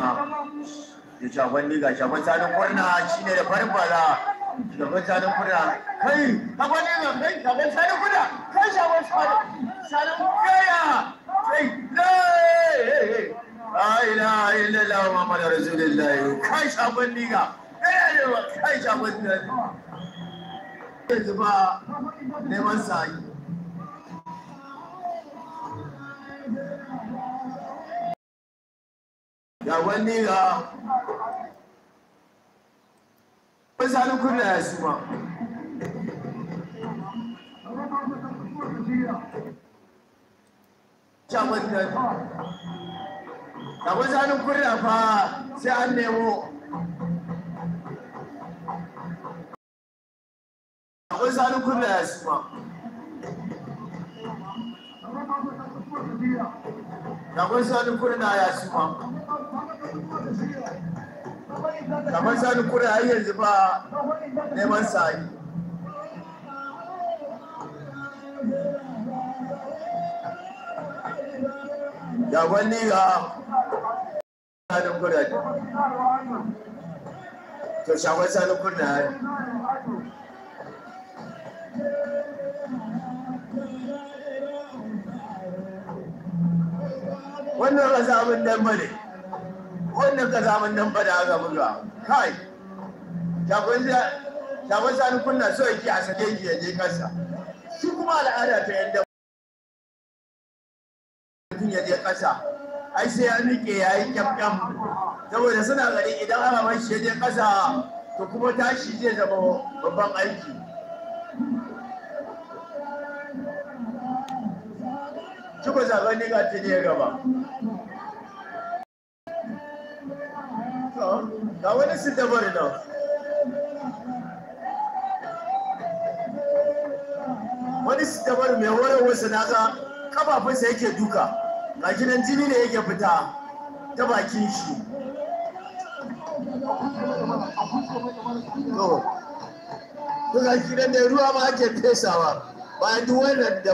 da shagon liga shagon sanin kurna shi ne da farin bala shagon sanin kurna kai shagon liga kai shagon sanin kurna kai shagon sanin kurna kai lai ai la illallah muhammadu rasulullahi kai shagon liga kai shagon liga yanzu ba neman sa'i yawaniha pesani kuna yasuma caman da da wasanin kurna fa sai an nemo da wasanin kurna yasuma kamar sani na ya su ma. Rabon sani kurna yi yanzu ba neman sani. Rabon liga sanin kurna. To, shagon sani na ya wannan kazamin dan ne wannan kazamin dan da aka buga kai shafin shafin sani kunna so yake a sake ki ya je kansa shi kuma al'ada ta yadda mutum ya je kasa ai sai ya nike ya yi kyamkyam saboda suna gari idan ana mai shi ya je kasa to kuma tashi zai zama babban aiki Cuba zaɓen ga ta ne gaba. Da wani su dabar nan. Wani su dabar mai wurin wasu na ga kafafunsa yake duka. Ga gidan jini ne yake fita ta bakin shi. To, ga gidan da ruwa ma ake fesawa bayan duk wannan da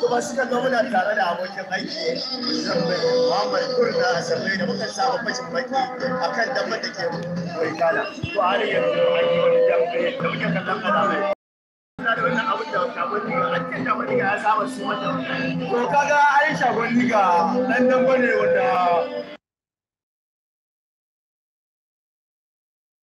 kuma suka ga muna tare da abokin aiki zambe Muhammad Kurna a zambe da muka saba fashin baki akan dabbar da ke mai kana to har yanzu an yi wani zambe da muke kallon kana mai suna da wannan abin da shagon liga a cikin shagon liga ya saba su mata to kaga ai shagon liga dan dan bane wanda